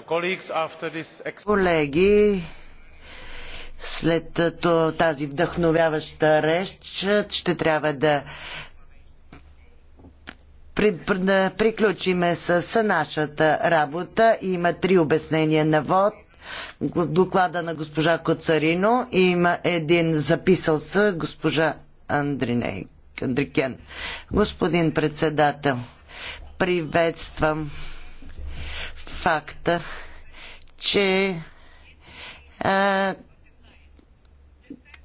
Колеги, след тази вдъхновяваща реч ще трябва да, приключиме с нашата работа. Има три обяснения на вод доклада на госпожа Коцарино и има един записал с госпожа Андриней, Андрикен. Господин председател, приветствам факта, че а,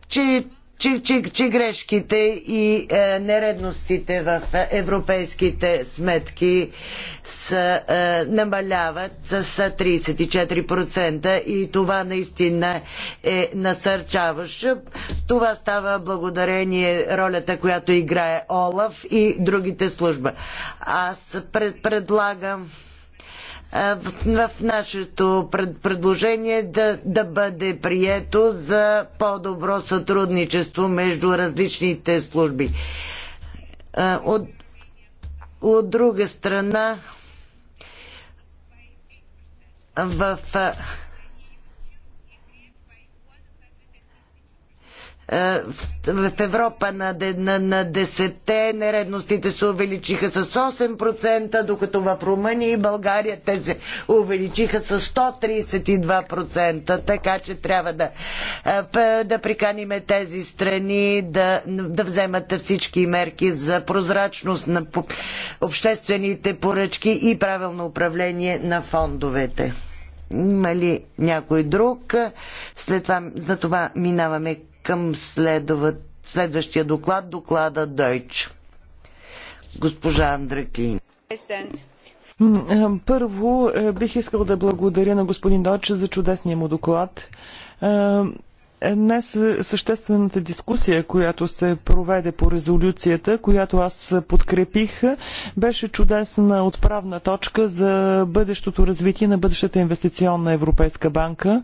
че че, че, че грешките и е, нередностите в европейските сметки са, е, намаляват с 34% и това наистина е насърчаващо. Това става благодарение ролята, която играе Олаф и другите служба. Аз пред, предлагам в нашето предложение да, да бъде прието за по-добро сътрудничество между различните служби. От, от друга страна, в Е, в Европа на, на, на 10 нередностите се увеличиха с 8%, докато в Румъния и България те се увеличиха с 132%. Така че трябва да, е, да приканиме тези страни да, да вземат всички мерки за прозрачност на обществените поръчки и правилно управление на фондовете. Има ли някой друг? След това, за това минаваме към следва, следващия доклад, доклада Дойч. Госпожа Андракин. Е, първо е, бих искал да благодаря на господин Дойч за чудесния му доклад. Е, Днес съществената дискусия, която се проведе по резолюцията, която аз подкрепих, беше чудесна отправна точка за бъдещото развитие на бъдещата инвестиционна Европейска банка,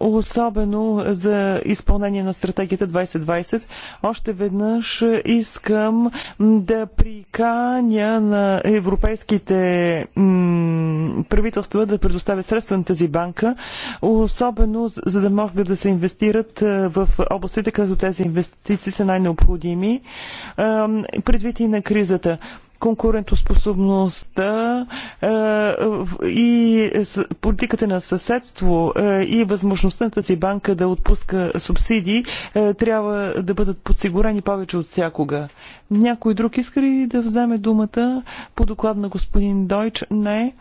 особено за изпълнение на стратегията 2020. Още веднъж искам да приканя на европейските правителства да предоставят средства на тази банка, особено за да могат да се инвестират инвестират в областите, където тези инвестиции са най-необходими, предвид и на кризата конкурентоспособността и политиката на съседство и възможността тази банка да отпуска субсидии трябва да бъдат подсигурени повече от всякога. Някой друг иска ли да вземе думата по доклад на господин Дойч? Не.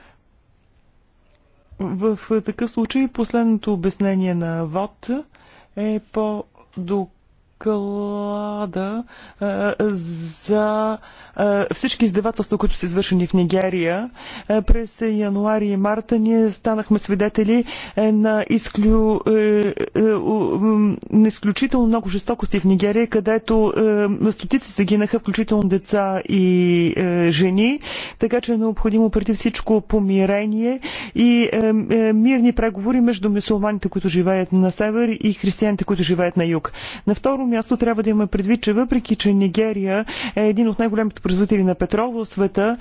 В такъв случай последното обяснение на ВОД е по доклада е, за всички издевателства, които са извършени в Нигерия, през януари и марта ние станахме свидетели е, на, изклю... Е, е, на изключително много жестокости в Нигерия, където стотици се гинаха, включително деца и жени, така че е необходимо преди всичко помирение и мирни преговори между мусулманите, които живеят на север и християните, които живеят на юг. На второ място трябва да има предвид, че въпреки, че Нигерия е един от най-големите производители на петрол в света,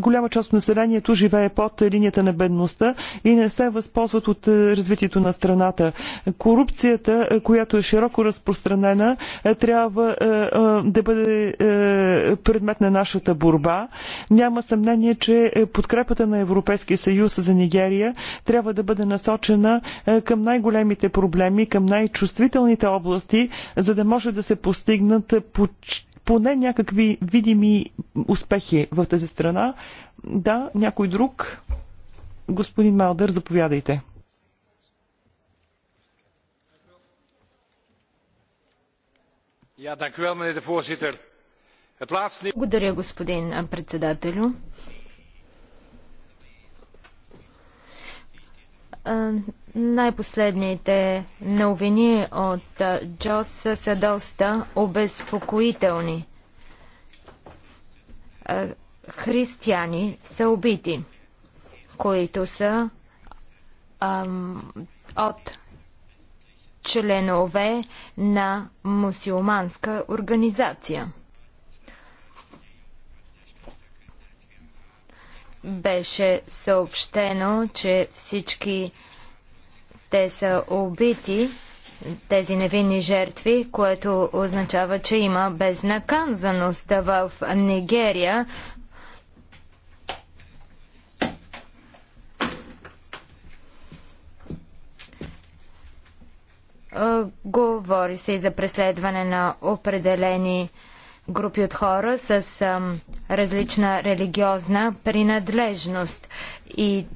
голяма част от населението живее под линията на бедността и не се възползват от развитието на страната. Корупцията, която е широко разпространена, трябва да бъде предмет на нашата борба. Няма съмнение, че подкрепата на Европейския съюз за Нигерия трябва да бъде насочена към най-големите проблеми, към най-чувствителните области, за да може да се постигнат почти поне някакви видими успехи в тази страна. Да, някой друг. Господин Малдър, заповядайте. Благодаря, господин председателю. Най-последните новини от Джос са доста обезпокоителни. Християни са убити, които са ам, от членове на мусулманска организация. Беше съобщено, че всички те са убити, тези невинни жертви, което означава, че има безнаказаност в Нигерия. Говори се и за преследване на определени групи от хора с различна религиозна принадлежност. И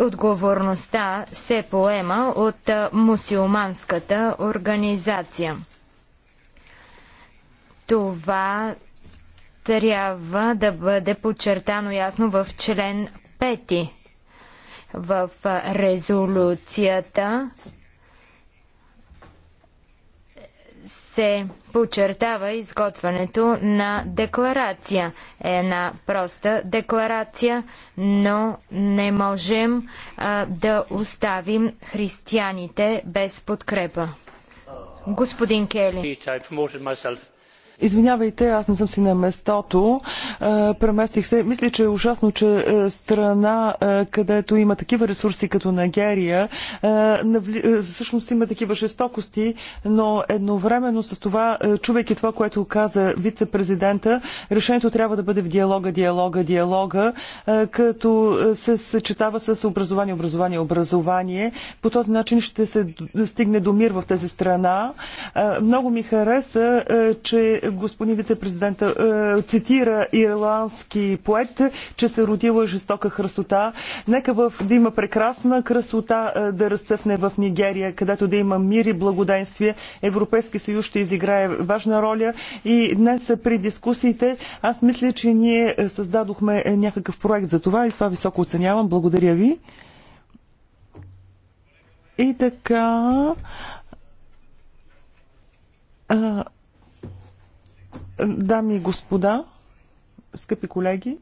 Отговорността се поема от мусулманската организация. Това трябва да бъде подчертано ясно в член 5 в резолюцията се подчертава изготвянето на декларация. Е една проста декларация, но не можем а, да оставим християните без подкрепа. Господин Кели. Извинявайте, аз не съм си на местото. Е, преместих се. Мисля, че е ужасно, че е, страна, е, където има такива ресурси като Нагерия, всъщност има такива жестокости, но едновременно с това, чувайки това, което каза вице-президента, решението трябва да бъде в диалога, диалога, диалога, като се съчетава с образование, образование, образование. По този начин ще се стигне до мир в тази страна. Много ми хареса, че господин вице-президента е, цитира ирландски поет, че се родила жестока красота. Нека в, да има прекрасна красота е, да разцъфне в Нигерия, където да има мир и благоденствие. Европейски съюз ще изиграе важна роля и днес е, при дискусиите аз мисля, че ние създадохме някакъв проект за това и това високо оценявам. Благодаря ви. И така. Дами и господа, скъпи колеги,